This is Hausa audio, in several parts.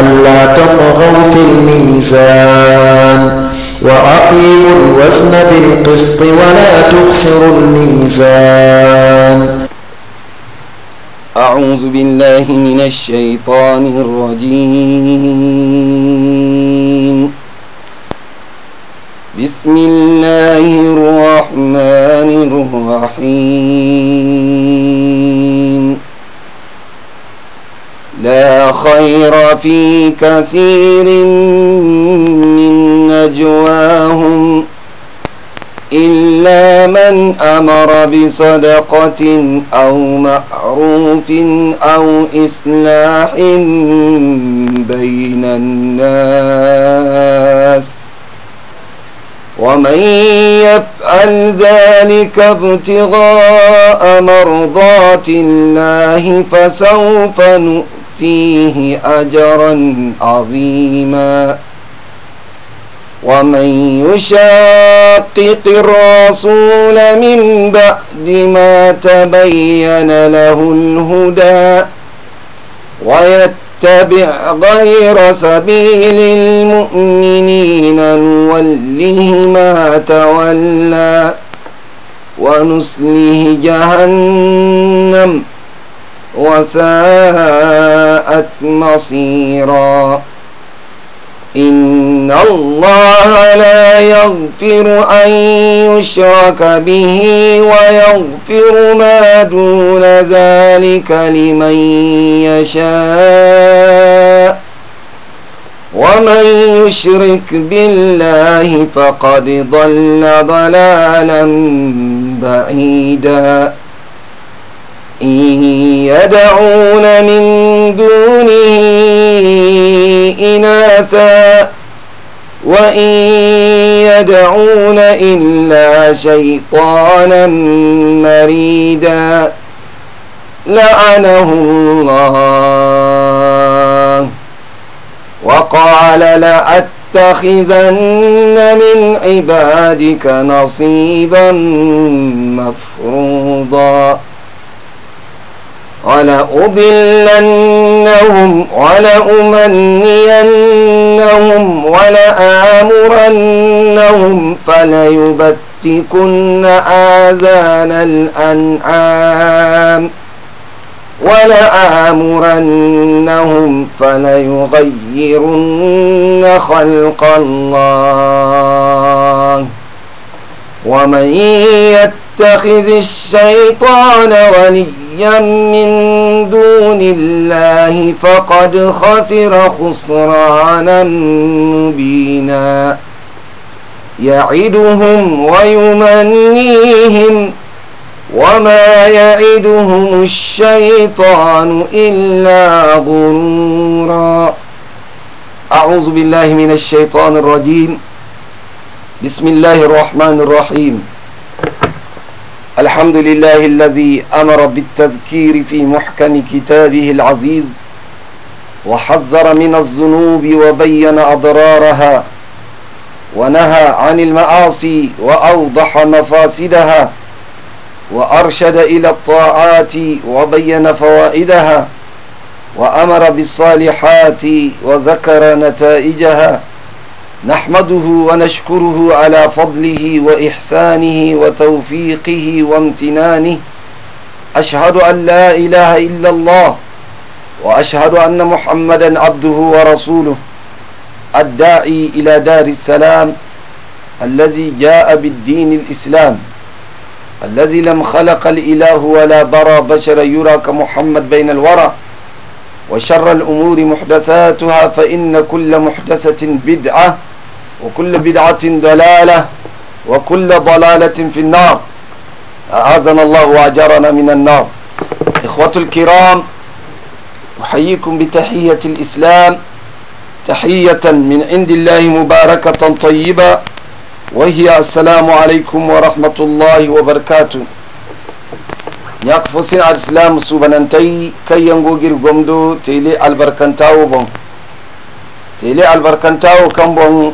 ألا تطغوا في الميزان وأقيموا الوزن بالقسط ولا تخسروا الميزان أعوذ بالله من الشيطان الرجيم بسم الله الرحمن الرحيم لا خير في كثير من نجواهم إلا من أمر بصدقة أو معروف أو إصلاح بين الناس ومن يفعل ذلك ابتغاء مرضات الله فسوف نؤمن يؤتيه أجرا عظيما ومن يشاقق الرسول من بعد ما تبين له الهدى ويتبع غير سبيل المؤمنين نوله ما تولى ونسله جهنم وساءت مصيرا إن الله لا يغفر أن يشرك به ويغفر ما دون ذلك لمن يشاء ومن يشرك بالله فقد ضل ضلالا بعيدا إن يدعون من دونه إناسا وإن يدعون إلا شيطانا مريدا لعنه الله وقال لأتخذن من عبادك نصيبا مفروضا ولأضلنهم ولأمنينهم ولآمرنهم فليبتكن آذان الأنعام ولآمرنهم فليغيرن خلق الله ومن يتقن يتخذ الشيطان وليا من دون الله فقد خسر خسرانا مبينا يعدهم ويمنيهم وما يعدهم الشيطان إلا غرورا أعوذ بالله من الشيطان الرجيم بسم الله الرحمن الرحيم الحمد لله الذي أمر بالتذكير في محكم كتابه العزيز وحذر من الذنوب وبين أضرارها ونهى عن المعاصي وأوضح مفاسدها وأرشد إلى الطاعات وبين فوائدها وأمر بالصالحات وذكر نتائجها نحمده ونشكره على فضله وإحسانه وتوفيقه وامتنانه أشهد أن لا إله إلا الله وأشهد أن محمدا عبده ورسوله الداعي إلى دار السلام الذي جاء بالدين الإسلام الذي لم خلق الإله ولا برى بشرا يرى كمحمد بين الورى وشر الأمور محدثاتها فإن كل محدثة بدعة وكل بدعة ضلالة وكل ضلالة في النار أعاذنا الله وأجرنا من النار إخوة الكرام أحييكم بتحية الإسلام تحية من عند الله مباركة طيبة وهي السلام عليكم ورحمة الله وبركاته يقفص على الإسلام سوبنانتي كي ينقوغير قمدو تيلي البركنتاو بون تيلي البركنتاو كم بون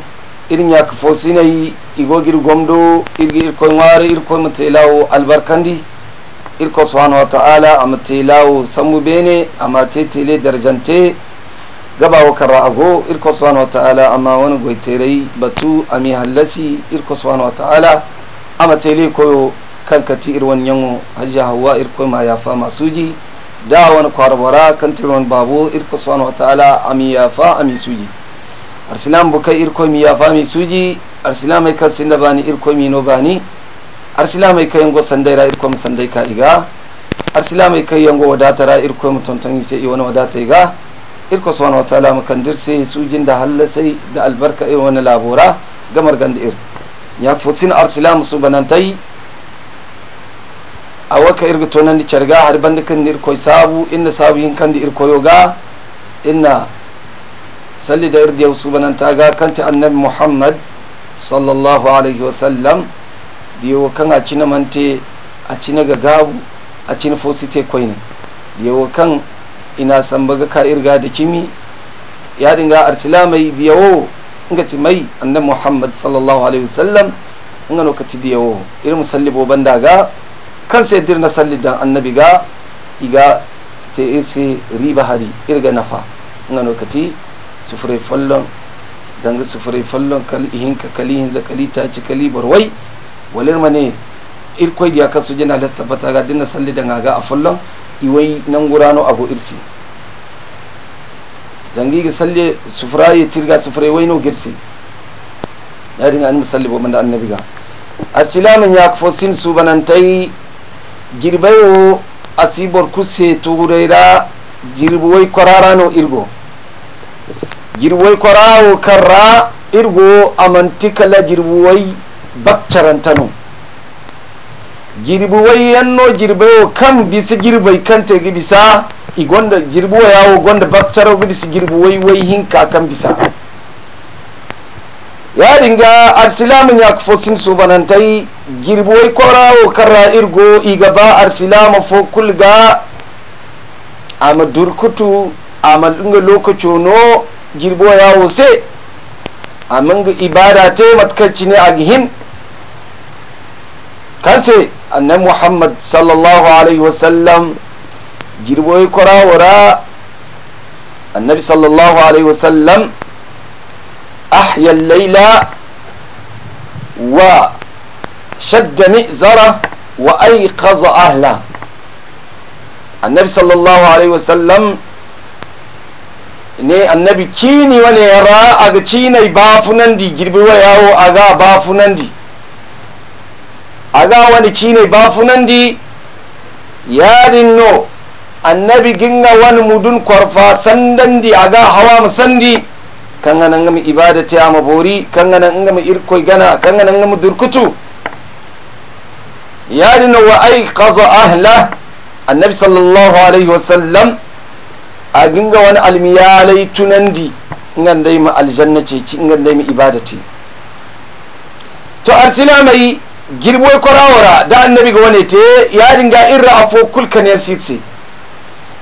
ir foosinay fosinayi igo gir gomdo irkoy ŋwaari irkoy ma telawo albarkandi irko subhanahu wa ama teelawo sambu beene ama te tele darjante gabawo karra ago irko subhanahu wa ta'ala ama wane goy terai batu ami hallasi irko subhanahu wa ta'ala ama tele koyo kankati irwan yango hajja hawa irkoy ma ma suuji da wani kwarabara kan tirwan babo irko subhanahu wa ta'ala ami yafa ami suji arsilam bukai irkomi ya fami suji arsilam mai kan sinda bani irkomi no bani arsilam mai kai yango sandai ra irkomi sandai ka iga arsilam mai kai yango wadata ra irkomi tonton sai iwana wadata iga irko subhanahu wataala mu kan dirse sujin da hallasai da albarka irin wani labora gamar ganda ir ya fotsin arsilam su banantai a waka irga tonan di carga har bandikan irkoi sabu inna sabu yin kan di irkoyo ga inna banan ta ga kanta annab muhammad sallallahu alaihi wasallam diyo kan a cina mante a cina ga gabu a cina fosite koine diyo kan ina san baga ka irga da kimi ya dinga arsila mai diyo inga ti mai annab muhammad sallallahu alaihi wasallam inga no kati diyo irin boban da ga kan sai dir na salli da annabi ga iga ta irse riba hari irga nafa inga no sufure fallon zanga sufure fallon kalihin ka kalihin za kali ta ci kali wai walir mane irkoi diya kasu jina lasta bata ga dinna salli da ngaga a fallon iwai nan gurano abu irsi zangi ga salli sufura ya tirga sufure wai no girsi ya dinga an musalli bo manda annabi ga arsilamin ya kafo sin su banantai girbayo asibor kuse jirbu wai kwararano irgo jirwai kwarawo karra irgo mantikala jirwai bakcarantano jirbuwai yanno jirbayo kan bisa girbai kan tegi bisa igonda jirbuwa yawo gonda bakcaro bisa girbuwai wai hinka kan bisa ya dinga arsilamin ya sin su banantai girbuwai kwarawo karra irgo igaba arsilama fo kulga ama durkutu ama dunga lokacin no jirbo ya wose amin ga ibada te matkalci ne a gihin kanse annabi muhammad sallallahu alaihi wasallam jirbo ya kora wara annabi sallallahu alaihi wasallam ahya al-layla wa shadda mi'zara wa ayqaza ahla النبي صلى الله عليه وسلم ne annabi kini wane ra aga cinai di girbi wa yawo aga bafunandi aga wani cinai di ya no annabi ginga wani mudun kwarfa sandan a aga hawa musandi kangana mu ibada ta ma bori kangana mu irkoi gana kangana mu durkutu no wa ai qaza ahla annabi sallallahu alaihi wasallam a nga wane almiyaalay tunandi ngan dai ma aljanna ceeci nga ngan dai ma ibada ce to arsila mai girboy ra da annabi ga wane te ga iri irra afo kulkan ya se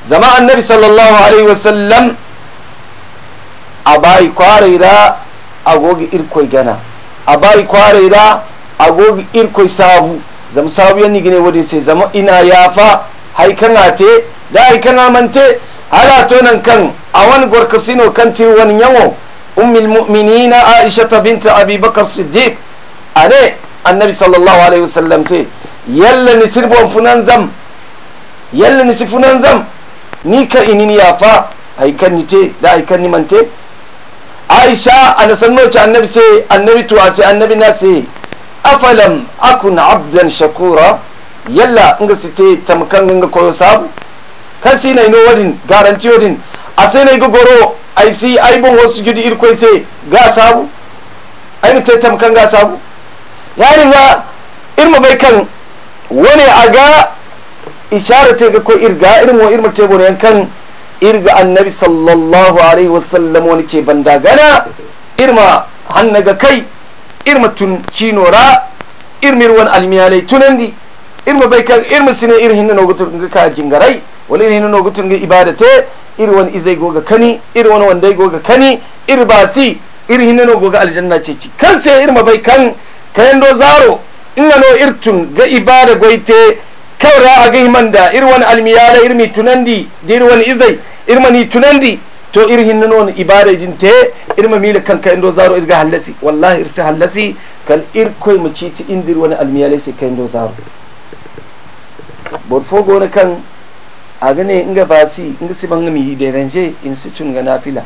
zama annabi sallallahu alayhi wasallam a bayi kwaraira agogi irkoi gana a a kwaraira ga irkoi saabu. zama sabu ga ne woodin se zama ina kaŋ a te da haikana mante ala tonan kan a wani gorkasino kan te wani yawo ummul mu'minina aisha ta binta abubakar bakar a ne annabi sallallahu alaihi wasallam sai yalla ni sirbon funan zam yalla ni sifunan zam ni ka inin ya fa aikan ni te da aikan ni mante aisha ana sanno ci annabi sai annabi to sai annabi na sai afalam akun abdan shakura yalla inga site tamkan inga koyo sabu kan si nai no wadin garanti wadin sai nay go goro a si ay bon wasu gidi ir sai ga sabu ay mi tetam kan ga sabu yani nga irma bai kan wani aga ishara te ga ko irga wa irma te go kan irga annabi sallallahu alaihi wasallam wani ce banda gana irma hannaga kai irma tun cinora irmi ruwan almiyalai tunandi irma bai kan irma sine irhin na nogoto ga ka jingarai Wani ne nuna gutun ga ibada te iri wani izai goga kani iri wani wandai goga kani iri ba si iri hinno goga aljanna ce ci kan sai iri bai kan kayan do zaro na no irtun ga ibada goite kawra aga da iri wani almiyala iri mi tunandi da iri wani izai iri mani tunandi to iri hinno no ibada jin te iri ma mila kan kayan do zaro ga hallasi wallahi irsi hallasi kan iri koi mu ci ci indiri wani almiyala sai kayan do zaro bor fogo na kan agane inga basi ban gami da ranje in tun ga nafila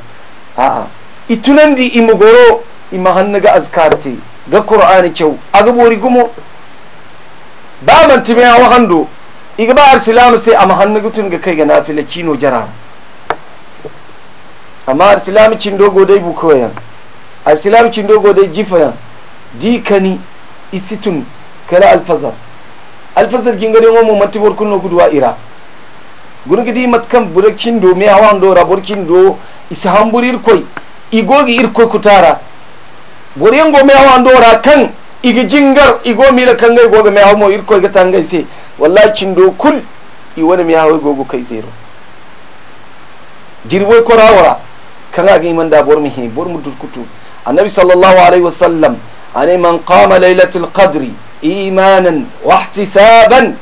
a'a itunandi imugoro imahanna ga azkarti ga qur'ani a ga bori gumo ba man tibe a wahando iga ba arsilama sai amahanna gutun ga kai ga nafila kino jara amma arsilama cin dogo dai bu koyan arsilamu cin dogo dai jifayan dikani isitun kala alfazar alfazar gingare mo mu matibor kunno guduwa ira di matkan burakin do me hawan do raburkin do isa hamburir irkoi igogi irkoi kutara boren go me hawan do ra kan igi jingar igo mila kan gai goga me hawmo irkoi ga tangai se wallahi do kul i wani me hawo gogo kai zero dirwo ko rawara kan ga iman da bor mi he bor mu durkutu annabi sallallahu alaihi wasallam ani man qama lailatul qadri imanan wa ihtisaban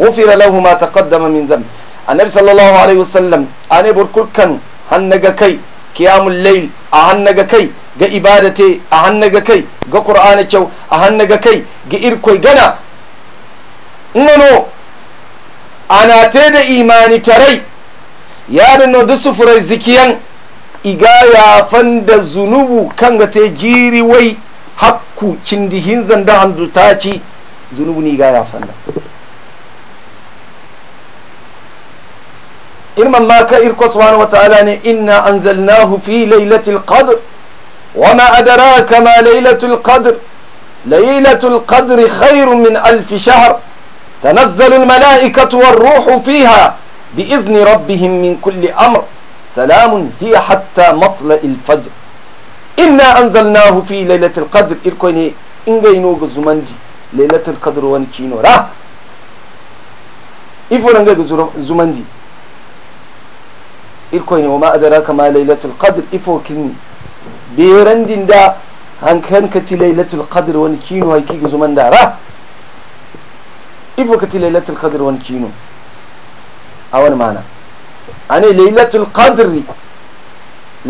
ghufira lahu ma taqaddama min zambi annabi sallallahu alaihi wasallam ane burkukan hannaga kai qiyamul layl a hannaga kai ga ibadate a hannaga kai ga qur'ana kyau a hannaga kai ga irkoi gana nono ana te da imani tarai da no da sufurai zikiyan iga ya da zunubu ga te jiri wai hakku cindi hinzan da handu ci zunubu ni ga ya fanda إرما ماك إركو سبحانه وتعالى إنا أنزلناه في ليلة القدر وما أدراك ما ليلة القدر ليلة القدر خير من ألف شهر تنزل الملائكة والروح فيها بإذن ربهم من كل أمر سلام هي حتى مطلع الفجر إنا أنزلناه في ليلة القدر إركوني إنجينو زمندي ليلة القدر وانكينو راه إفو رنجي زمندي irkoy wa ma adraka ma lailatul qadr ifokin be randin da hankan kati lailatul qadr wani kino haiki ga zuman dara ifo kati lailatul qadr wani kino a wani mana ane lailatul qadr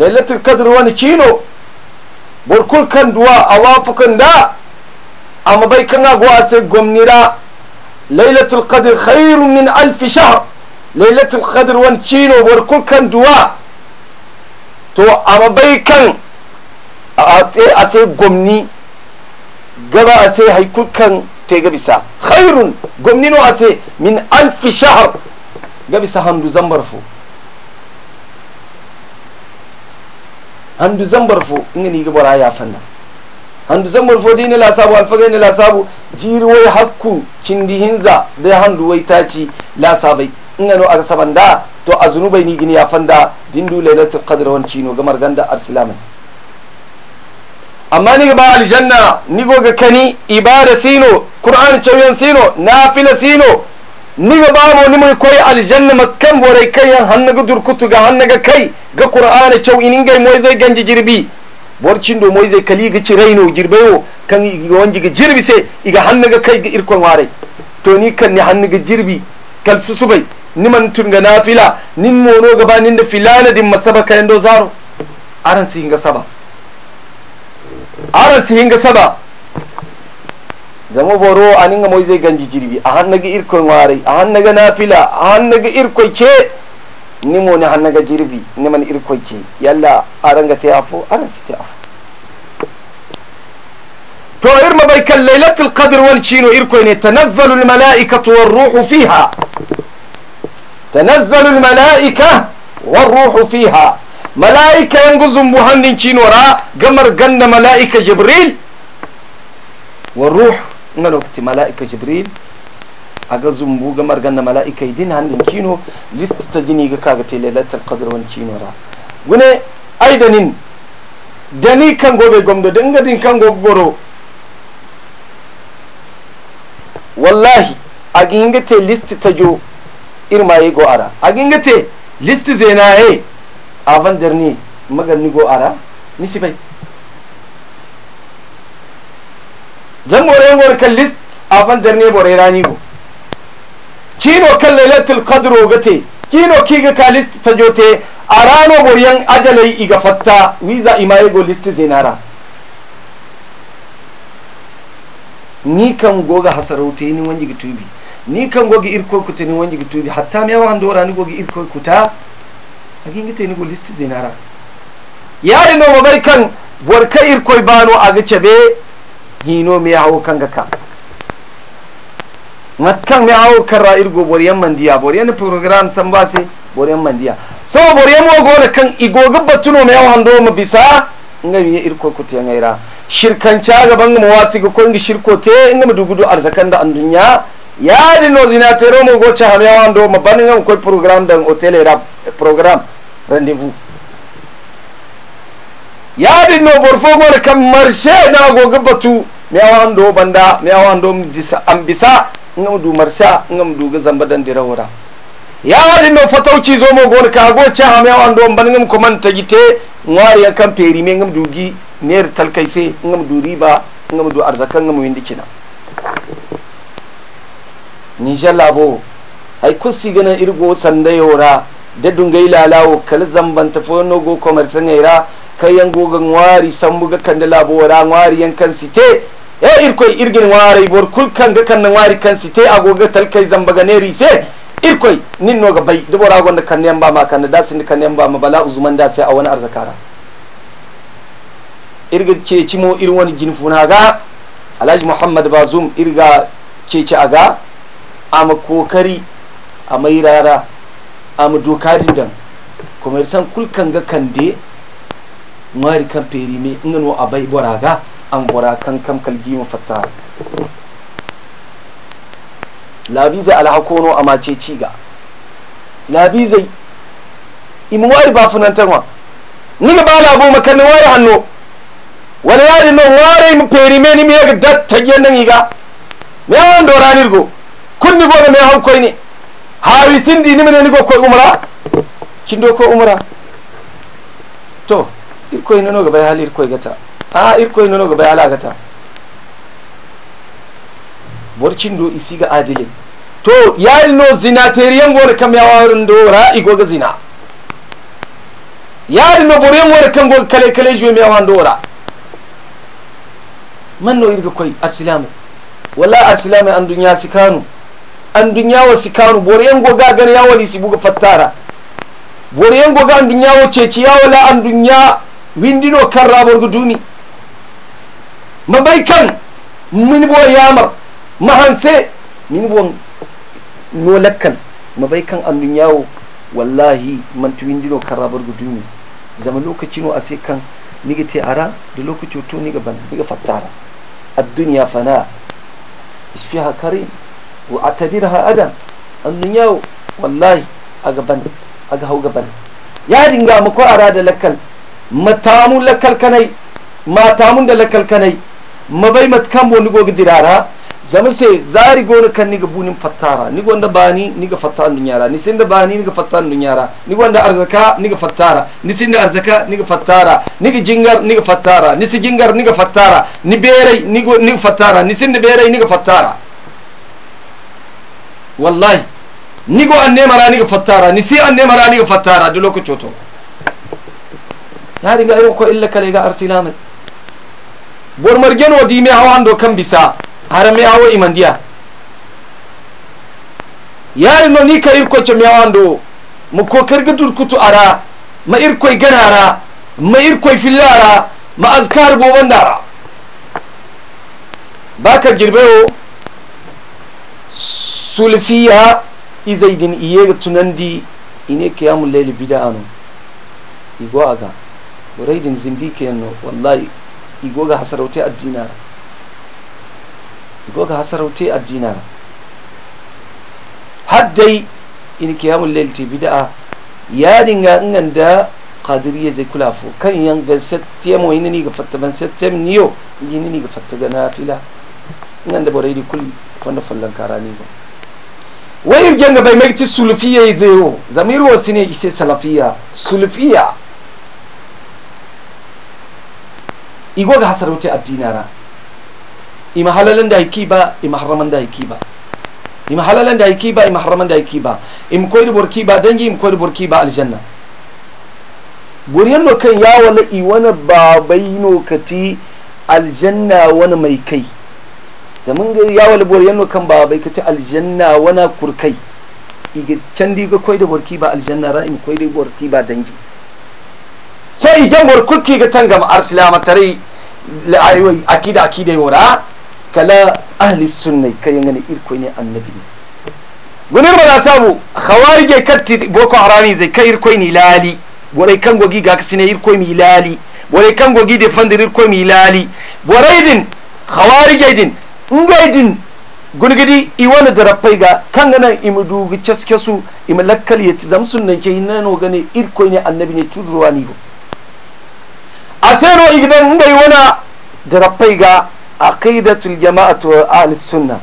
lailatul qadr wani kino burkul kan duwa a wafukan da amma bai kan agwa sai gwamnira lailatul qadr khairun min alfi shahr lailatul qadr wani cino bor kul kan duwa to a bai kan a sai gwamni gaba a sai haikukan ta te gabisa khairun gwamni no a sai min alfi shahar gabisa handu zambar fo handu zambar fo ni gabara ya fanna handu zambar dai ni la sabu alfagai ni la sabu jiri wai hakku cindi da handu wai taci la sabai ngano aga sabanda to azunubai ni gini ya fanda dindu lailatul qadr wan kino gamar ganda arsilamai amma ni ba aljanna ni goga kani ibada sino qur'an chawyan sino nafila sino ni ga bamo ni mun koy aljanna makkan borai kai yan hanna ga durkutu ga hanna ga kai ga qur'an chaw in gai moy zai ganji jirbi borcin do moy zai kali ga ciraino jirbayo kan wanji ga jirbi sai iga hanna ga kai ga irkon ware to ni kan ni hanna ga jirbi kal susubai niman ga nafila nin moro gaba nin da filana din masaba kayan do zaro aran si hinga saba aran si hinga saba zama boro aninga moy zai ganji jirbi a ga irkon ware a ga nafila a ga irkon ke mo ni ga jirbi man irkon ke yalla aranga te afo aran si te to irma bai kan lailatul qadr wal chino irkon ne tanazzalu al malaikatu war ruhu fiha تنزل الملائكة والروح فيها ملائكة ينقزهم بوهندين كين وراء قمر قند ملائكة جبريل والروح من الوقت ملائكة جبريل أقزهم بو قمر قند ملائكة يدين هندين كينو لست تديني قاقتي ليلة القدر وان كين وراء ونه أيضا دني كان قوغي قمدو دنگا دين كان قوغورو والله أقينغتي لست تجو irmaye go ara zena list a avan ni magani go ara zan jan bore ngor kan list a avan jarni bore rani go kino kan lailatul qadr gate kino kiga ka list ta tajote arano boryan ajalai iga fatta wiza imaye go list zenara ni kan goga hasarauta ni wani gitubi ni kan gogi ni wani gitu bi hatta mi yawa dora ni gogi irko kuta agingiteni ni gulisti zinara yaadi no bai kan borka irko bano aga be hino mi yawo kan ka matkan kan mi yawo ra irgo boriyan mandiya boriyan program ba sai boriyan mandiya so boriyan mo da kan igoga batuno mi yawo hande ma bisa nga mi irko kuta ngaira shirkanca gaban mu wasi ga kongi shirko te nga mu dugudu arzakan da an dunya yaadi no ordinateur o mo go cahamyawan do ma banigam koye program dan o téléra eh, programme rendez vous yaadi no bor fof gore kam marché nagoga batu mi awan do banda mi awan do am bisa ngam du marché ngam duga zamba dan dirawora yaadi no zo zomo gone ka go caham yawan do bangam ko man ta gite ngwariya kam perime ngam gi ner talkayse ngam du riba ngam du arzaka ngam windicina nije labo ai kusi gana irgo sanda yora da dungai lalawo kal zamban ta fono go komar sangaira kayan gogan wari ga kanda labo wara wari kan site e eh, irkoi irgin wari bor kul ga kan wari kan site agoga talkai zambaga ne se irkoi nin no da bora gonda ne ba ma kan da sin ne ba ma bala uzuman da sai a wani arzakara irga ke cimo irin wani jinfuna ga alhaji muhammad bazum irga ke ci aga ma kokari a a ma doka dokadindan kuma san ga kande mari kan feri perime bai abai boraga an bora kan kam kalgi mu fatta labiza alhakono mace ce ciga labiza imu wari ba funantarwa niga ba labo makan wari hannu wani yari no wari mu perime ni mi ga datta gendan iga me an nirgo kunni bono me hankoy ni hawi sindi nimene ni go koye umra kindo ko umra to irkoye nonoga bay haali irkoye gata a irkoye nonoga bay ala gata borcindo i siga adilin to yayilno zinateriyan gore kam warin do ra'i ga zina yayilno boriyan gore kam go kale kale jwe mi yawan do ra man no irga koy arsilamu wala arsilame an dunya sikanu andun yawo sikanu bori yan goga gar yawo si buga fattara bore goga ga andun yawo ceci yawo la andun ya windino rabar borgo duni mabai kan min bo yamar mahanse min bo no lakkal mabai kan andun yawo wallahi man tu windino karra borgo duni zama lokaci no ase kan niga te ara da lokaci to niga ban niga fattara ad-dunya fana isfiha karim wa atabirha adam annun yau wallahi a gaban a ga hau gaban ya dinga mu ko ara da lakkal matamu lakkal kanai matamu da lakkal kanai mabai kan bo go gidara zama sai zari gona kan ni ga bunin fattara ni gonda bani fattara dunya ra ni sinda bani fattara dunya ra ni gonda arzaka ga fattara ni sinda arzaka ga fattara ni ga jingar ga fattara ni si jingar ga fattara ni berai ni ni fattara ni sinda berai ga fattara wallahi nigo anne mara niga fattara ni si anne mara niga fattara du lokaco to yaringa ayo ko illa kale ga arsilamay bor margeno dime hawa hando kam bisa hara harame hawa imandiya yari no ni ka irkoce me hawa hando mu ko karga durkutu ara ma irkoy ganara ma irkoy ara ma azkar bobandara baka jirbeyo sulfiya izaydin iye tunandi ine qiyamul layl bid'anu igo aga zindi ke no wallahi igwa ga hasarautai addinara igwa ga hasarautai addinara haddai ke yamun laili ti bid'a ya dinga inganda ya zai kula fo kan yan gansa temo wayni ni ga fatta ban sattiyam niyo yini ni ga fatta ga ngande bo reydi kulli ba follankaranigo yin jenga bai maiti sulfiya e zeo zamir wasu ne isai salafiya sulfiya wuce addina addinara ima da haiki ba. ima da hay ba ima da hay ba ima da hay ba ima koyɗo ba, kiiba yi ima da burki ba aljanna ɓoriyanno kan yawala i wani babai nokati aljanna wani mai kai. zaman ga yawal bor yanno kan ba bai kace aljanna wana kurkai iga can di ga koi da borki ba aljanna ra'im koi da borki ba dangi so igan bor kurki ga tangam arsilama tare la'ayoyi akida akida yora kala ahli sunnai kayan gani irko ne annabi gunir ba za samu khawarije katti boko harami zai kai irko ni lali borai kan gogi ga kasine irko mi lali borai kan gogi da fandir irko mi lali borai din khawarije din da I ga. ngoydin gunigidi iwana darapaiga imu lakali ya ci yati zamsunnan ke hinano gane ne annabi ne tudurwani a aseno igdan ngai wana darapaiga a jama'atu a sunna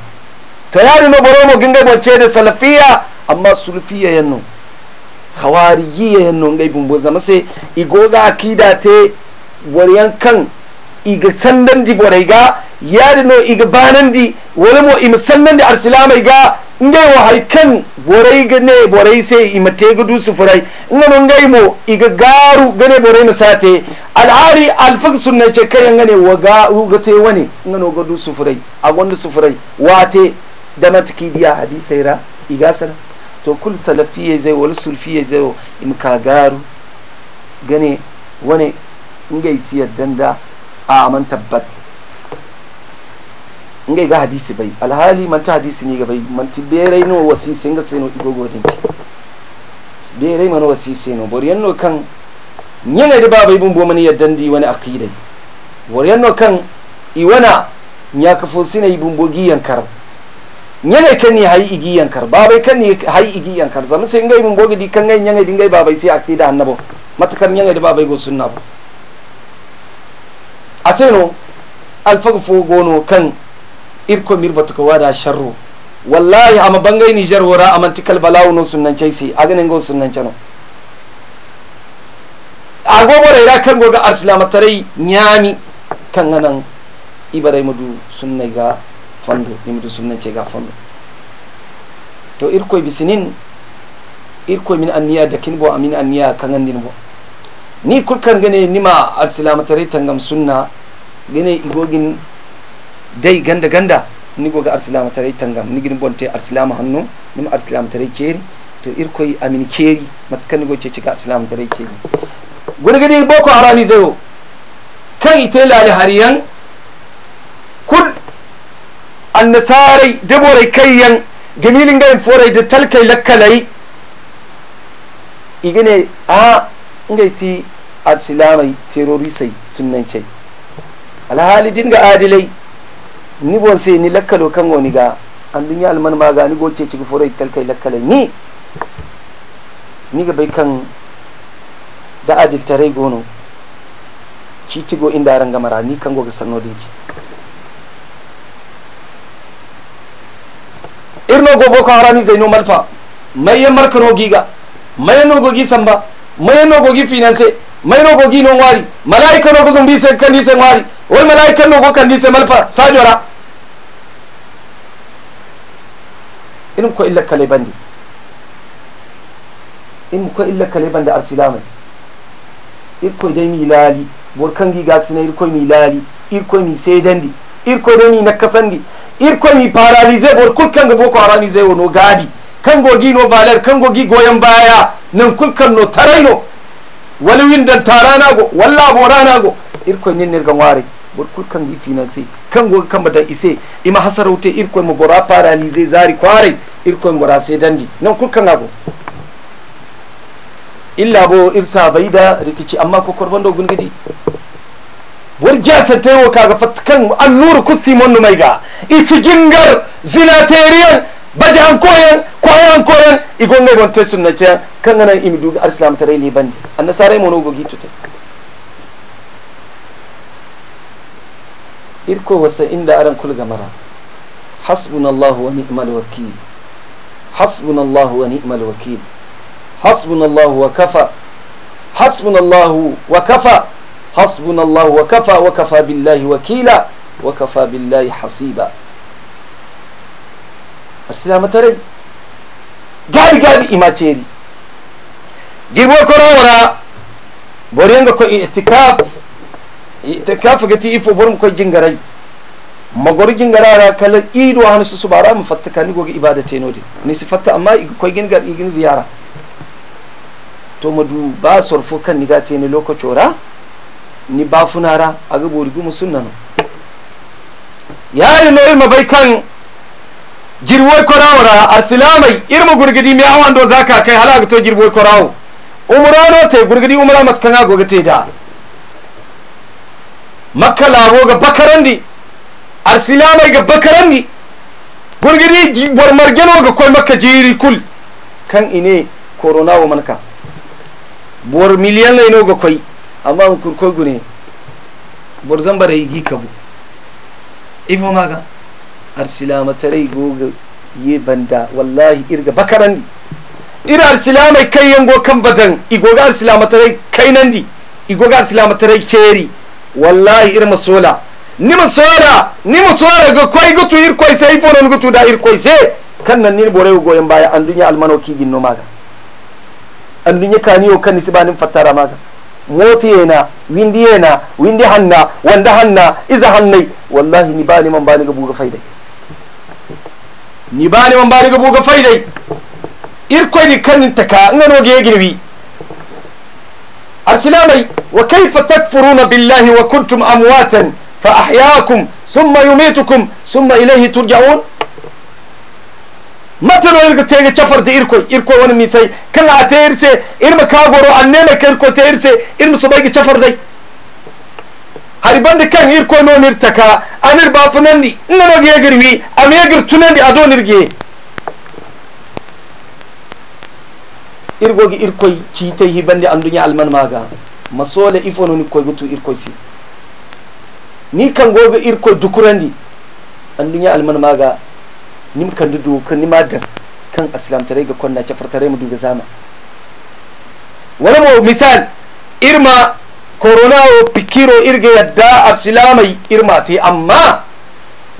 to yari baro mu ginga bace da salafiya amma sulfiya yanno khawariyiya yanno ngai bumbo zama sai igoga akida te wariyan kan iga sandan diborai ga. no iga ima baanandi borai imasannandi arsilamayga ngaywo haykan boraygane borayse imateegadusu furay ngano mo iga garu gane na saate alhaali alfag sunna cekkaya ngane wagate wane ngano gadu sufuray agonda sufuray waate damatikidiya iga sana to kul salafiyey zay wala sulfiyey zayo ima ka garu gane wane ngay siyar danda a aman tabbata ngai ga hadisi bai alhali man ta hadisi ni ga bai man ti berai no wasi singa sai no igo din ti berai man wasi sai no bor yanno kan nyene da babai bun bo mani yaddan di wani aqida bor yanno kan iwana nya ka fo sina bun bo giyan kar nyene kan ni hayi igiyan kar babai kan ni hayi igiyan kar zamu sai ngai bun bo di kan ngai nyane di ngai babai sai aqida annabo matakar nyane da babai go sunna bo aseno alfagu fo gono kan irko mir batuka wada sharro wallahi ama bangai nijar amma tikal balawu no sunnan a ganin ngo sunnan chano da ira kan goga arsilama tarai nyami kan ganan ibarai mudu sunnai ga fando mudu sunnan ce ga fando to irko bisinin irko min anniya da kinbo amin anniya kan ganin bo ni kulkan gane ma arsilama tarai tangam sunna gane igogin dai ganda ganda ni goga arsilama tare tangam ni gidin bonte arsilama hannu ni arsilama tare keri to irkoy amin keri matkan ni goce ciga arsilama tare keri gure gidi boko harami zero kan ite lali hariyan kul annasarai daborai kayyan gamilin garin forai da talkai lakkalai igine a ti arsilama terorisai sunnan kai alhali dinga adilai ni bon se ni lakkalo kan woni ga an dunya alman ma ga ni go ce ciki foro ital kai lakkale ni ni ga bai kan da ajil tare gono ci tigo inda ranga mara ni kan go ga sanno ki irno go boko harami no malfa mai yan markano giga mai yan gogi samba mai yan gogi finance mai yan gogi non wari malaika no go zumbi kan ni sai wari wai malaika no go ni sai malfa sajora in ko illa kale bandi in ko illa kale bandi arsilama ir ko dai mi lali bor kangi ga tsine ir ko mi lali ir ko mi sai dandi ir ko dai mi nakasandi ir ko mi paralize bor kul kanga boko harami zai wono gadi kan gogi no balar kan gogi goyen baya nan kul kan no taraino wali windan tarana go walla borana go ir ko nin nirgan ware bor kul kan gi Kan kango kan da ise ima hasarawte irkoye mo bora zai zari kware kwaray irkoye bora dandi nan kul kanga go illa bo irsa baida rikici amma ko korbando gungadi gungidi. sa ta yi kaga fatkan allura kusi mun mai ga isi gingar zinateriyan baje an koyan koyan an koyan igon ngai gonte sunnace kan ganan imidu arslam tare liban an nasarai mono gogi tutai irko wasa inda aran kulga mara hasbunallahu wa ni'mal wakil hasbunallahu wa ni'mal wakil hasbunallahu wa kafa hasbunallahu wa kafa hasbunallahu wa kafa wa kafa billahi wakila wa kafa billahi hasiba arsila matare gabi gabi imaceri girbo korowara borenga ko i'tikaf ta kafa fagati ifo borum ko jingaray magor jingarara kala ido hannu su subara mu fatta ni goga ibada te nodi ni fatta amma ko ginga igin ziyara to madu ba sorfo kan ni gate ni lokacora ni ba funara aga bori gumu ya yi no irma bai kan jirwoy korawora arsilamay irma gurgidi mi awando zaka kai halaga to jirwoy korawo umrano te gurgidi umra matkan goga te da makka ga ga bakarandi gurgiri gabbakarandi gurgidi ga koy makka jiri kul kan ine wa manka bor ga koy amma kur koy gune bor zambaray yi kabu ifo maga arsilamataray goga ye banda wallahi irga bakarandi ira arsilamay kayyango kan badan igoga arsilamataray kaynandi igoga arsilamataray keri. wallahi ir masola ni masola ni masola ga koy gutu ir koy sai fonon gutu da ir koy sai kan nan ni bore goyen baya an dunya almano ki ginno maga an dunya kaniyo kan sibanin fattara maga moti yana windi yana windi hanna wanda hanna iza hannai wallahi ni bani man bani ga buga faidai ni bani man bani ga buga faidai ir koy ni kan taka ngano ge girbi أرسلامي وكيف تكفرون بالله وكنتم أمواتا فأحياكم ثم يميتكم ثم إليه ترجعون متن إرك تيجي تفر دي إركو إركو وانا ميساي كان عتيرسي إرما كاغورو عنينا كيركو تيرسي إرما سبايجي تفر دي haribanda kan irko non irtaka anir bafunandi nanogi yagirwi am yagir tunandi adon irgiye irgogi irkoy kiite hibande anduña alman maga masole soole ifononi koy gutu irkoy si ni kan goga irkoy dukurandi anduña alman maga nim kan du kan ni madan kan aslam tare ga konna ta tare mu duga zama wala mo misal irma corona o pikiro irge yadda asilamai irma te amma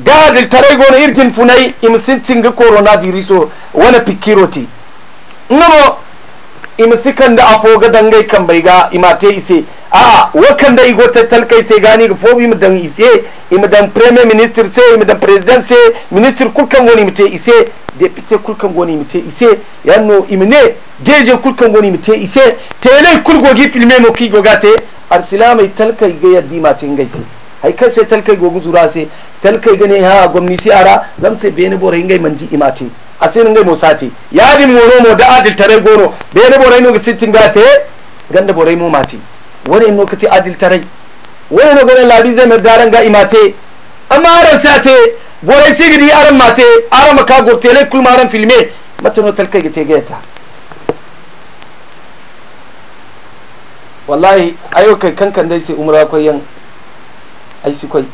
gadil tare gona irgin funai imsintin ga corona virus wala pikiro te ngamo ima sikanda afoga dangay kambayga imate ise a da igo tattalkay sai gani ga fobi mu dan ise ima dan e. premier minister sai ima dan president sai minister kulkan goni te ise député kulkan goni te ise yanno imne deje kulkan goni te ise tele kulgo gi filme mo ki gogate arsilamai talkay ga yaddi tin ngai se hay kan se talkay gogu zura se talkay gane ha gwamnati ara zam se bene bore ingai manji imate asirin sati musati di mono mo da adil tare goro be ne borai no sitin gate ganda borai mo mati wani no lokaci adil tare wani no gane labi zai merdaran ga imate amma aran sati borai sigidi aran mate aran maka gortele kulma aran filme matano talkai gite geta wallahi ayo kai kankan dai sai umra kwai yan ai sikwai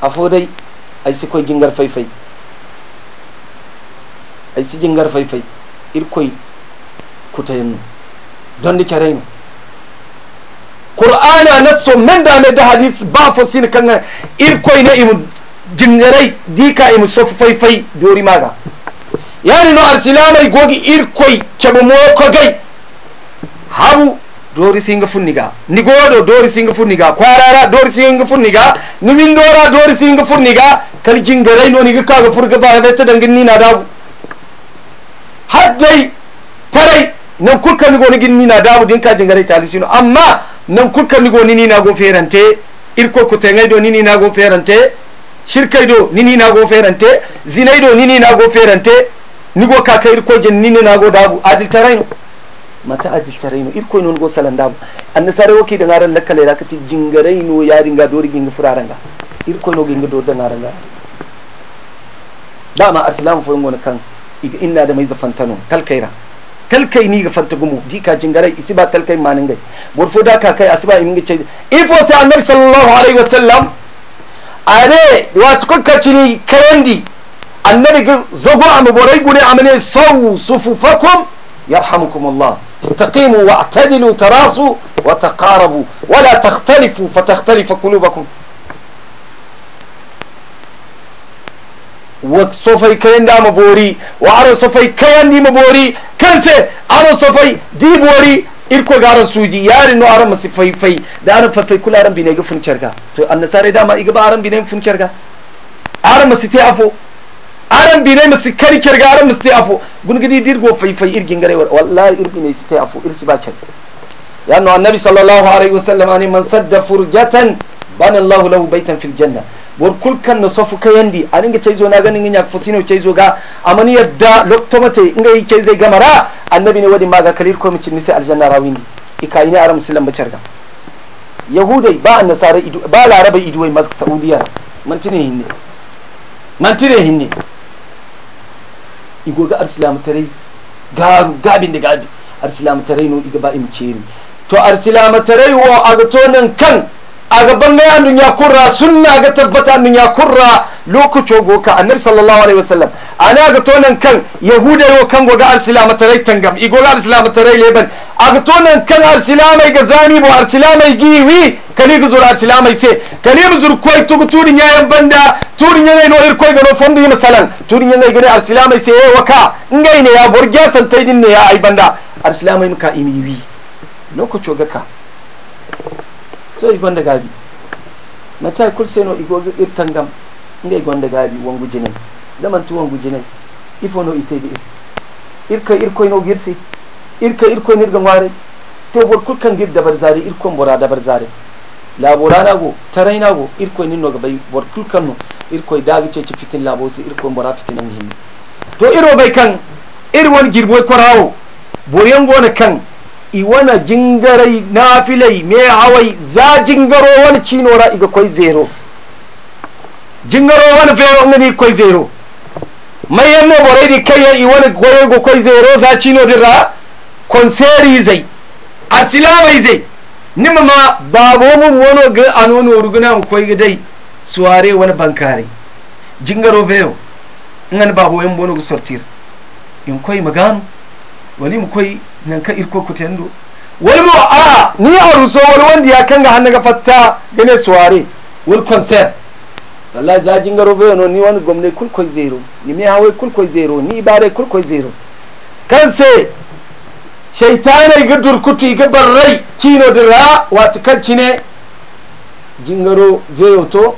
afo dai ai sikwai gingar faifai ay sijin ngar fay fay irkoy kutayenno donde carayno qur'ana natso men dame da hadis bafo sine kanga irkoyne imu jingaray dika imu sofu fay fay jori maga yani no arsilamay gogi irkoy keɓo mokogay habu doori singa funniga ni gooɗo doori singa funniga kwarara doori singa funniga ni windora doori singa funniga kala jingarayno niga kaga furga baɓe tadanginnina dagu har dai tarai nan kulka ni goni gin nina damu din ka jingare talisino amma nan kulka ni goni nina go ferante irko ku tengai do nini na go ferante shirkai do nini na go ferante zinai do nini na go ferante ni go ka kai irko jin nini na go dabu adil taraino mata adil taraino irko non go salan an sare woki da ngaran lakkale rakati jingare no ringa dori ginga furaranga irko no ginga do da ngaranga dama arsilamu foyin gona kan iga inna da mai zafantano talkai na talkai ni ga fanta gumu di ka jingarai isi ba talkai manin gai burfu da ka kai asiba imin gice ifo sai annabi sallallahu alaihi wasallam are wata kuka cini kayandi annabi ga zogo amma borai gure amane sawu sufufakum yarhamukum allah استقيموا واعتدلوا تراصوا وتقاربوا ولا تختلفوا فتختلف قلوبكم sofay kayandama boori wa sofay kayandima boori kanse ara sofay diib wari irko ga ara suudi yari no ara masi fay fay da ara fay fay kula aran bine ga funcerga to annasare dama iga aran bine funcerga ara masi te afo aran bine masi kari kerga aran masi te afo gungidi dirgo fay fay irgin gare wallahi irbine si te afo irsi ba cer ya no annabi sallallahu alaihi ani man sadda furjatan bana Allah lahu baitan fil janna wor kulkan no sofu kayandi aninga chaizo na ganin nya fusino chaizo ga amani yadda loktomate inga yi zai gamara annabi ne wadi maga kalir ko mi cinni aljanna rawindi ikai ne aram silam bacarga yahudai ba nasara idu ba laraba iduwai mas saudiya mantine hinne mantine hinne igoga arsilam tare garu gabin da gabi arsilam tare no iga ba im to arsilam tare wo agato nan kan aga bangaya andunya kurra sunna ga tabbata andunya kurra lokaco goka annabi sallallahu alaihi wasallam ana ga tonan kan yahuda yo kan goga arsilama tarai tangam igoga arsilama tarai leban A ga tonan kan arsilama ga zani bo arsilama giwi kali ga zura arsilama se kali ga zur koy tugu tudin yayan banda tudin yana no ir koy ga no fondu yi masalan tudin yana ga arsilama se eh, waka ngai ne ya borgya santai din ne ya ai banda arsilama ka imiwi lokaco gaka so i gonda gaabi matawi kurseno igogo irtal ngam ngay gonda gaabi wangu jinen damantu wongu jinen il faut no itteede ir irka irkoyno girsi irka irkoynirga ngwaare to bor kulkan gir dabar zare irkon mbora dabar zare laboranago go, irkoy ninnoga bay bor kul kanno irkoy daagi cece fitin labo se irkon bora fitinanga hinni to iro bai kan ir won girboy korawo boryan gona kan iwana jingarai filai me hawai za jingaro wani cinora iga koi zero jingaro wani fewo ngani koi zero mai yamma borai di kai ya iwana goyo go koi zero za cino dira konseri zai asilamai zai nima ma babo mun wono ga anono ruguna mu koi dai suware wani bankare jingaro fewo ngan babo yan bono ga sortir in koi magam wani mu koi nanka irko kutendo wal mo a ni aruso wal wandi ya kanga hannaga fatta gane suware wal concert wallahi za jingaro be no ni wani gwamnati kul zero ni me hawe kul zero ni ibare kul zero kan se shaytanai ga durkutu ga barrai kino da ra wata kanci ne jingaro veyo to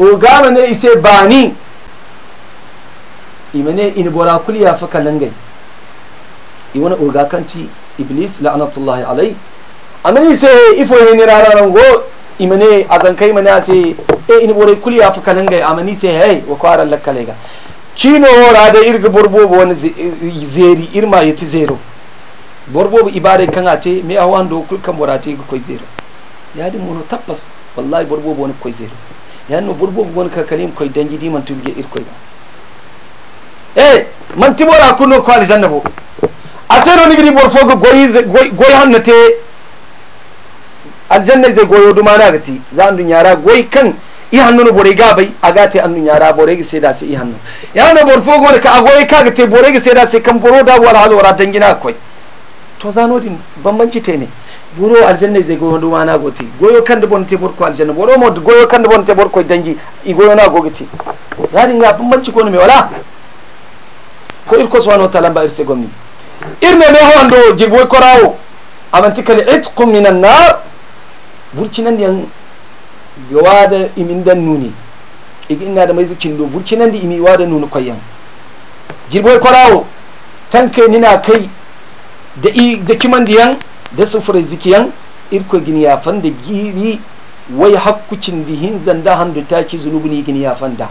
o gama ne ise bani imane in bora kuliya fa langai. ಇವನ ಉರ್ಗಾಕಂಚಿ ಇಬ್ಲೀಸ್ ಲಅನತುಲ್ಲಾಹಿ ಅಲೈ amani se ifo he ni rararan go imane azan kai mana se e in bore kuli afa kalanga amani se hey wa kwara lakalega chino wora da irga borbo wani zeri irma yati zero borbo ibare kan ate me awan do kul kan borate ga koi zero ya din mono tabbas wallahi borbo wani koi zero ya no borbo wani ka kalim dangi di man tubiye ir eh man tibora kuno kwali zannabo A aseno nigiri bor fogo goyi goyi hannate aljanna zai goyo duma na gati za andu yara goyi kan i hannu no bore gabai agate andu yara bore gi seda se i hannu ya no bor fogo ne ka goyi ka gate bore gi seda se kan boro da wala hal wara dangina akwai to zano din bambanci te ne buro aljanna zai goyo duma na goti goyo kan da bonte bor ko aljanna boro mo goyo kan da bon te borko dangi i goyo na gogiti ya dinga bambanci ko ne me wala ko irko subhanahu wa ta'ala ba irse gwamnati irnene howando jirboy korawo amanti kal itqu min annar burcinandiyan yowada imindan nuni igi innada mayzi cindo burcinandi imi wada nuni koyyan jirboy korawo tanke nina kai da i da kimandiyan da sufure zikiyan irko gini yafanda giri wai hakkucin dihin zanda handu taki ni gini yafanda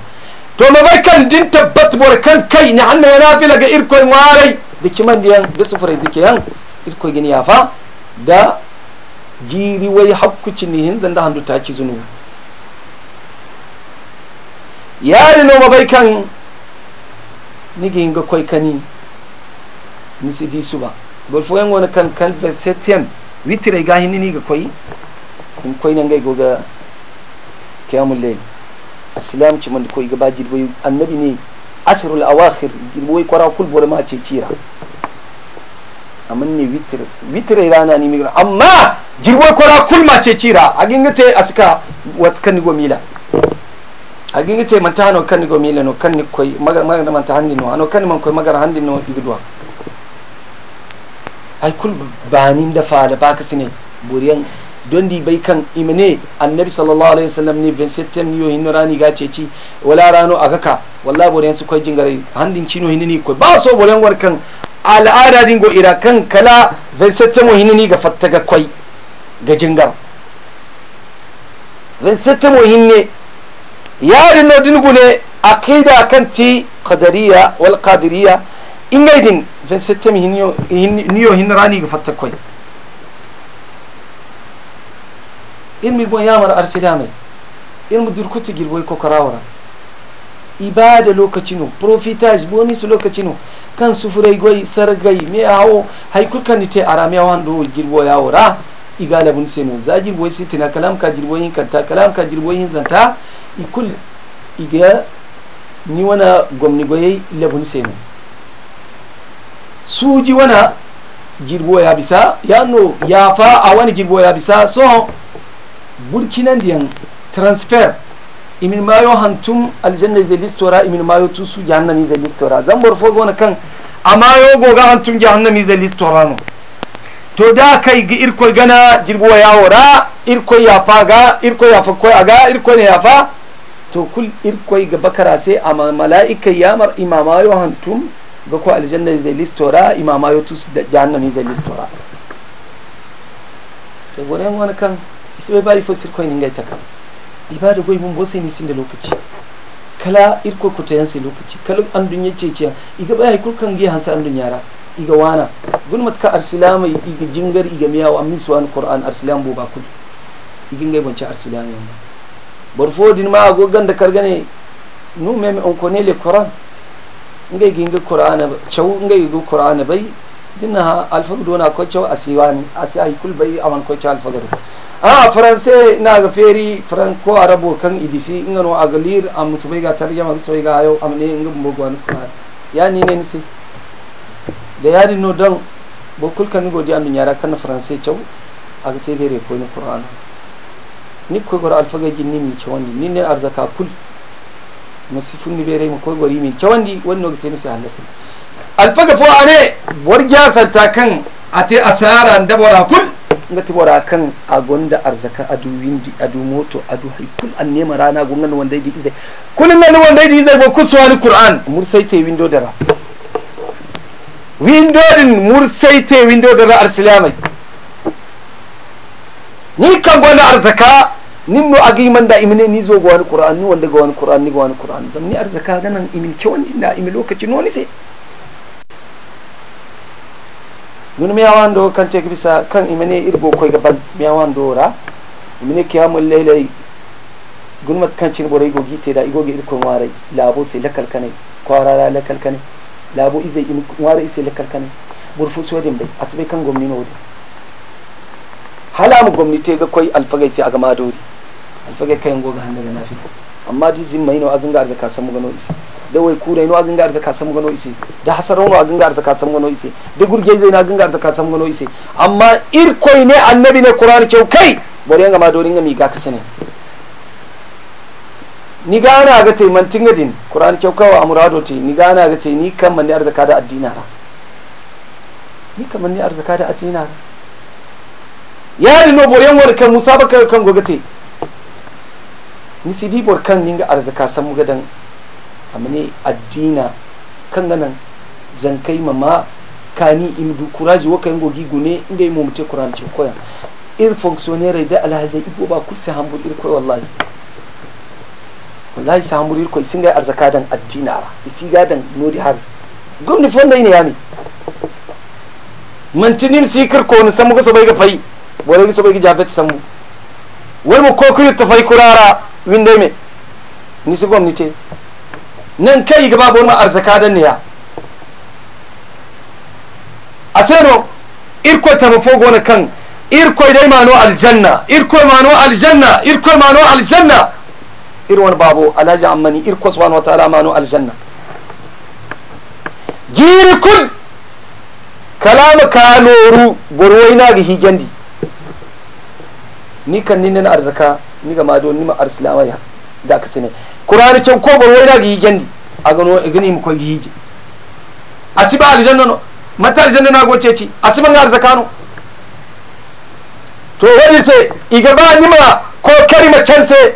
bai kan din tabbat bor kan kai ni hanno yana fila ga irkoi warai da kimandi diyan da sufure zike yan irkoi gini yafa da jiri wai hakku cini hinzan da handu no ma bai kan ni gin ga koi kani nisi di suba bor fo yan wona kan kan fa setem witire ga hinni niga koi nan ga go ga qiyamul layl asilamci ci man ko iga bajir boy annabi ne asrul awakhir boy kwara kul bore ma ce cira amman ne witr witr rana ni mi amma jirboy kwara kul ma ce cira aginga te aska wat kan go mila aginga te man tano kan go mila no kan ni koy magar magar man ta no ano kan man koy magar handi no igdwa ai kul banin da fa da baka sine buriyan di bai kan imane annabi sallallahu alaihi wasallam ne ben settem yo hinno rani ga ceci wala rano agaka wallahi bore su koy jingare handin kino hinni ko ba so bore war kan al'ada go ira kan kala ben settem hinni ga ga koy ga jingar ben settem hinne yari no din gune akida kan ti qadariya wal qadiriya ingaidin ben settem hinni hinni yo rani ga fatta koy ilmi bon yamar arsilame ilmu durkuti girboy ko karawara ibada no profitage boni su no kan sufurai goy sargai me awo hay kulkani te arame awan do girbo yawora igala bun seno za girboy sitina kalam ka kan ta kalam ka yin zanta ikul iga ni wana gwamni goyi labun seno suji wana girbo ya bisa ya no ya fa a wani ya bisa so diyan transfer imin mayo hantum aljanna zai listora imin mayo tun tusu jahannami zai listora zan borfo na kan a mayo goga hantum jahannami zai listora no to da kai ga irko gana jirbuwa irko ya yafa ga ya fa koi aga irko ne fa to kul irko ga bakara sai a mala'ika yamar imamayo hantum ga ko aljanna zai listora imamayo tusu da jahannami zai listora to gore wani kan isɓe bari fof sirkoye ndin gayta kam ibada goye mun wosay ni sinde lokaci kala irko kuta tayanse lokaci kala dunya ce ce iga bai kul kan giya hansa dunya ra iga wana gunmat ka arsilama iga jingar iga miyawo amin suwan qur'an arsilam bo bakul iga ngai bonce arsilam yamma bor din ma go ganda kargane nu meme on ne le qur'an ngai ginga qur'ana chaw ngai go qur'ana bai dinna alfa dona ko chaw asiwani asai kul bai aman ko chaw alfa ah faranse naga feri franco arabo kan idisi ngano aga lir am subaiga tarjama soiga ayo amne ngum bogwan ya ni ne nisi de yari no dan bokul kan godi am nyara kan faranse chaw aga te feri ko ni qur'an ni ko gor alfaga jinni mi chawandi ni ne arzaka kul musifun ni bere mo ko gori mi chawandi wonno ga te ni sa alfaga fo ane borja satta kan ate asara ndabora kul nga tibora kan da arzaka adu windi adu moto adu kul an nema rana gungan wanda yadi izai kulin nan wanda yadi izai go kuswa ni qur'an mursai te windo dara windo din mursai te windo dara arsilamai ni kan gonda arzaka ninno agi da imine ni zo go wani qur'an ni wanda go wani qur'an ni go wani qur'an zamni arzaka ganan imin ke wanda imi lokaci noni sai nun mi do kan te bisa kan imene irbo koy ga ban mi do ra imene ki amul kiyamul gun mat kan cin borai go gite da igoge irko warai labo se lakal kane la lakal kane labo izai in warai isai lakal kane burfu swedin bai asbe kan gomni no de hala mu gomni te ga koy alfagai se aga madori alfagai kayan ga handa na fi amma di zimma a aganga arzaka samu gano ise da wai kura a aganga arzaka samu gano ise da a aganga arzaka samu gano ise da gurge zai na aganga arzaka samu gano ise amma irkoi ne annabi ne qur'an kyau kai bari yanga ma dorin mi ga ka sani. ni gana ga te mantin gadin qur'an kyau kawa amurado tai ni gana ga te ni kan manni arzaka da addina ra ni kan manni arzaka da addina ra yari no bori yan war kan musabaka kan gogate in si dibor kan ninga arzaka samu gadan amne addina kan ganan zankai mama kani in du kuraji wo yango gogi gune inda mu mute kuran ce koyan ir fonctionnaire da alhaji ibo ba sai hambur ir koy wallahi wallahi sa hambur ir koy singa arzaka dan addina ra isi gadan nodi har gomni fonda ne? yami mantinin sikir ko ni samu ga so bai ga fai bore ga so bai ga jafet samu wal mu ko kuyu tafai kurara winde me nisi ce. nan kai gaba bonu ma arzaka dan ne ya aseno irko ta fogo gona kan irko dai mano aljanna irko mano aljanna irko mano aljanna irwan babo alhaji ammani irko subhanahu wa ta'ala mano aljanna giri kul kalama ka noru gurwai na ga higandi ni kan ni nan arzaka Ni ga do ni arsilama ya da ka sene qur'ani can ko bor wayna gi gendi gano gani mu ko gi hiji asiba aljanna no mata aljanna na goce ci asiba ngar zakano to wani se iga ba ma ko karima can se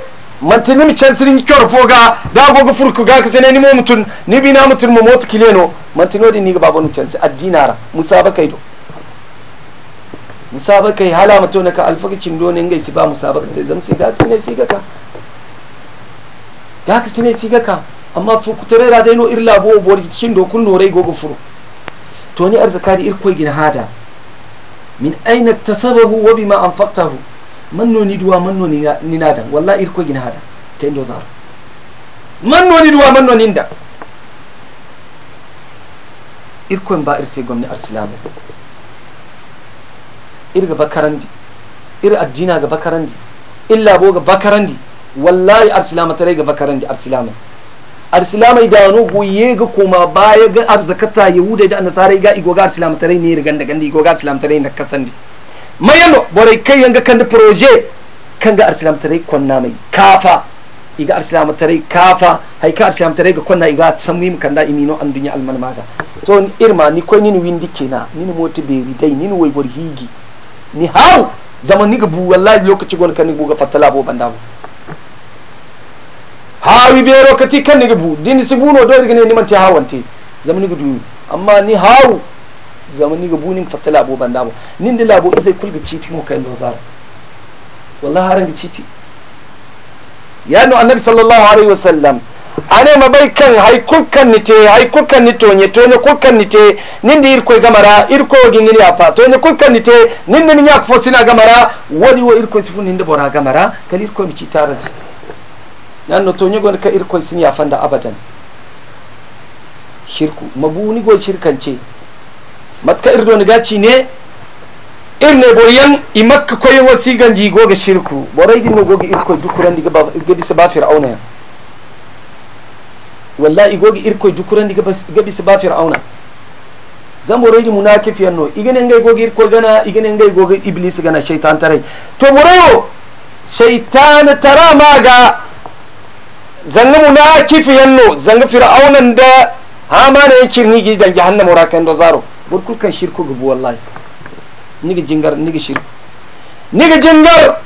ni mi can sirin kyor foga da gogo furku ga ka sene mu mutun bi na mutun mu motu kileno manti nodi niga babon can se addinara musabakaido musabaka e hala na ka alfaka cindo ne ngai si ba musabaka te zam si ga sine si ga ka ga sine si gaka amma fu kutare ra dai no irla bo bo dokun kun no gogo furo to ni da irko gina hada min aina tasabahu wa bima anfaqtahu manno ni duwa manno ni nada wallahi irko gina hada ta indo zaro manno ni duwa manno ni nda irko ba irse gwamnati arsilamu irga bakarandi ir addina ga bakarandi illa bo ga bakarandi wallahi arsilama tare ga bakarandi arsilama arsilama da no goye ga koma baya ga arzakata yahuda da nasara ga igo ga arsilama tare ne rigan ganda gandi igo ga arsilama tare na kasandi mayano bore kai yanga kan proje kan ga arsilama tare konna mai kafa iga arsilama tare kafa hay ka arsilama tare ga konna iga sammi kan da imino an dunya almanmaga to irma ni koy ni windi kina ni moti beri dai ni ni bor higi ni hau zama niga bu wallahi lokaci gon kan niga fatala bo banda bo hawi be lokaci kan ni bu din si buno do niga ni man ta hawante zama ni gudu amma ni hau zama ni bu ni fatala bo banda bo nin da labo sai kulga citi mu kai do zar wallahi haran ga citi ya no annabi sallallahu alaihi wasallam ane mabai kan hay kulkan te hay kulkan ni tonye tonye kulkan nite nindi irko gamara irko gingini afa tonye kulkan te nindi ni nyak fosina gamara wali wo irko sifu nindi bora gamara kali irko mi citarazi nanno tonye gon ka irko sini afanda abadan shirku mabuni gol shirkance matka irdo ni gaci ne irne boyan imakka koyon wasigan jigo ga shirku borai dinno gogi irko dukuran diga ba gidi sabafir auna wallahi gogi irkoy dukurandi gabi si ba fir'auna zamboreydi munakifi yanno igene ngay gogi irkoy gana igene ngay gogi iblis gana shaitan taray to morayo shaitan tara maga zanga munakifi yanno zanga fir'aunan da hamana yankirni gi dan jahannama da zaro burkul kan shirku gubu wallahi niga jingar niga shirku niga jingar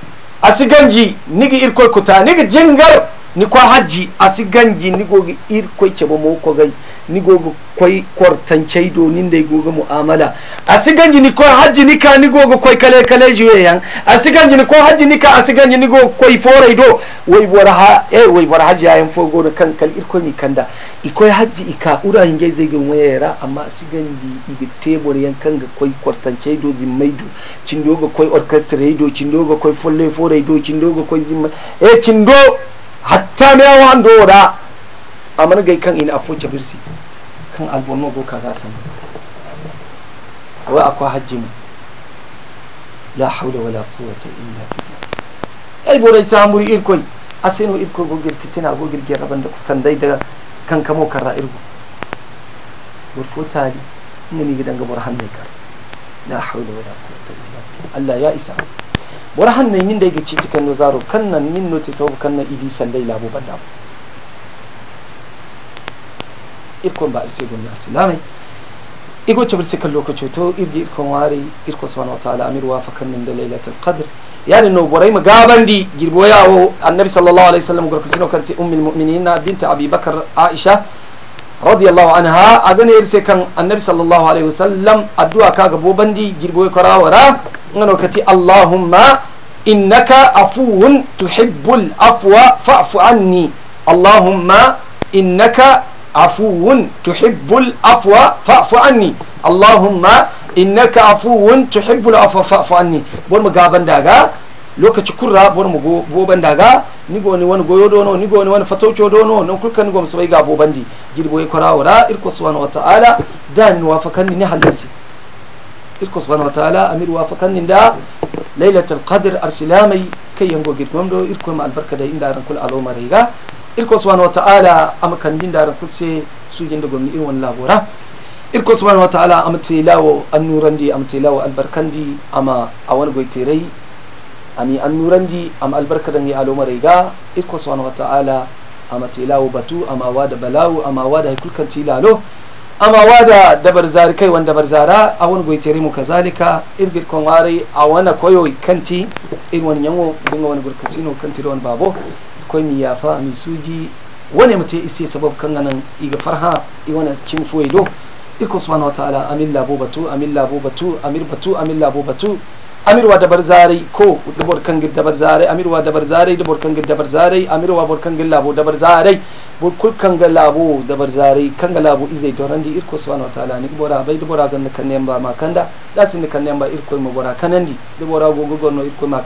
asiganji niga kuta niga jingar ni kwa hajji asi ganji ni gogi ir koy cebo mo ko gai ni gogi koy kortan ceido ni ndey gogi mu'amala asi ganji ni koy hajji ni ka ni gogi kwai kale kale jiwe yan asi ganji ni ko hajji ni ka asi ganji ni gogi kwai foray do wai bora ha e wai bora hajji ayen fo gogi kan kal ir koy ni kanda i koy hajji i ka ura hingay zegin wayera amma asi ganji igi tebur yan kan ga koy kortan ceido zimmai do cindo ga koy orchestra do folle foray do cindo ga koy zimma e cindo hatta me wan ando da amana gai kan ina afo birsi kan albono go ka san wa akwa hajji mu la hawla wala quwwata illa billah ai borai samu irkoi asino irko go girti tana go girge raban da kusan dai da kan kamo karra irgo warfo tali inna ni gidan gabar hannai kar la hawla wala quwwata illa billah Allah ya isa برهان نين ده يجي تكن نزارو كن نين نو تسوه كن إيدي سلعي لابو بدام إيركون بارسي قلنا سلامي إيكو تبر سكلو كتشوتو إيرجي إيركون واري إيركو سبحانه وتعالى أمير وافق من دليلة القدر يعني إنه براي ما جابن دي جربوا يا هو النبي صلى الله عليه وسلم قال كسينو كانت أم المؤمنين بنت أبي بكر عائشة رضي الله عنها أغني إرسي كان النبي صلى الله عليه وسلم أدوا كاغبو بندي جربوا كراورا ngano lokaci allahumma innaka afuwun tuhibbul afwa fa'fu anni allahumma innaka afuwun tuhibbul afwa fa'fu anni allahumma innaka afuwun tuhibbul afwa fa'fu anni bor mu gaban daga lokaci kurra bor mu goban daga ni go ni wani goyo dono ni go ni wani fatocho dono nan kulka ni go musabai ga bobandi girbo ya kwara wara irko subhanahu wa ta'ala da ni wafakan ni halasi irko subhanahu wa ta'ala amir wa fakannin da lailatul qadr arsilamai kai yango girgom do irko ma albarka da inda ran kul aloma riga irko subhanahu wa ta'ala amakan din da ran kul su su jinda irin irwan labora irko subhanahu wa ta'ala am tilawo annurandi am tilawo albarkandi ama awan goitirai ami annurandi am da ni aloma riga irko subhanahu wa ta'ala ama tilawo batu ama wada balawu ama wada kulkan tilalo ama wada dabar zari kai wanda bar zara awon goitere mu kazalika in bil kon a awana koyo kanti in wani yango dinga wani burkasino kanti wani babo ko mi yafa mi suji wani mace isi sabab kan ganan iga farha i wani cin foido iko subhanahu wa ta'ala amin labo batu amin labo batu amir batu amin labo batu amirwa wa dabar zare ko dubor kan dabar zare amir wa dabar zare dubor kan dabar zare amir bor kan labo dabar zare bor kul kan labo dabar zare kan ga labo izai to randi irko subhanahu wa ta'ala ni bora bai dubora gan kan ne ba makanda da sin kan ne ba irko mo bora kanandi dubora gogo gonno irko ma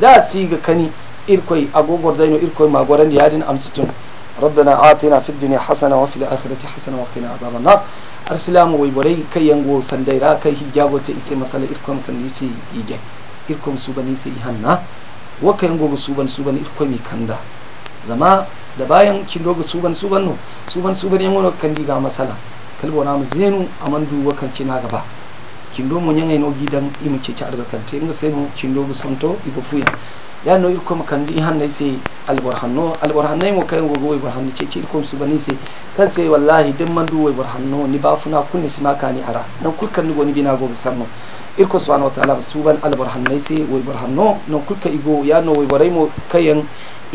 da si ga kani irko agogor daino irko ma gorandi yadin amsitun ربنا آتنا في الدنيا حسنة وفي الآخرة حسنة وقنا عذاب النار arsilama wai boray kai yango kai kay hijjagote ise masala irkom kan ise igen irkom subani ise hanna wa kai yango suban suban mai kanda zama da bayan kindo ga suban suban no suban suban yango kan diga masala kalbo na zenu amandu wa kan kina gaba do mun yanga ino gidan imu ce ci inga sai senu kin ga sonto ibo fuya yaanu ilko makandi hannaise alborhanno alborhannai mo kai go way borhanno ce ce ci su suba sai kan se wallahi dem mandu way borhanno ni bafuna kunni sima ni ara nan kul kan go ni bina go sanno ilko subhanahu wa ta'ala suban alborhannai se way borhanno nan kul ka igo yaanu way boraimo kayen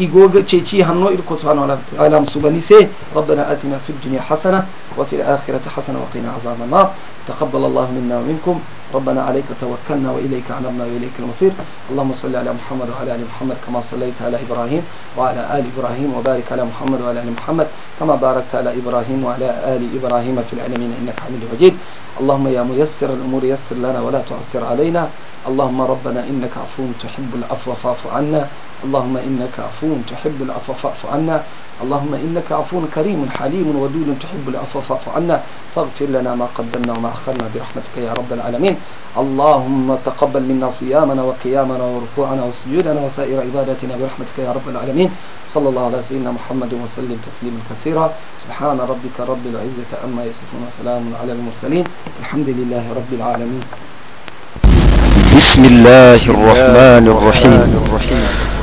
إيجوج تشيتشي هنو إلكو سبحانه وتعالى مسوبانيسي ربنا آتنا في الدنيا حسنة وفي الآخرة حسنة وقنا عذاب النار تقبل الله منا ومنكم ربنا عليك توكلنا وإليك علمنا وإليك المصير اللهم صل على محمد وعلى آل محمد كما صليت على إبراهيم وعلى آل إبراهيم وبارك على محمد وعلى آل محمد كما باركت على إبراهيم وعلى آل إبراهيم في العالمين إنك حميد مجيد اللهم يا ميسر الأمور يسر لنا ولا تعسر علينا اللهم ربنا إنك عفو تحب العفو فاعف عنا اللهم إنك عفو تحب العفو فاعف عنا اللهم إنك عفو كريم حليم ودود تحب العفو فاعف عنا فاغفر لنا ما قدمنا وما أخرنا برحمتك يا رب العالمين اللهم تقبل منا صيامنا وقيامنا وركوعنا وسجودنا وسائر عباداتنا برحمتك يا رب العالمين صلى الله على سيدنا محمد وسلم تسليما كثيرا سبحان ربك رب العزة أما يصفون وسلام على المرسلين الحمد لله رب العالمين بسم الله الرحمن الرحيم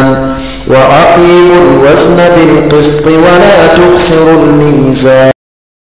وأقيموا الوزن بالقسط ولا تخسروا الميزان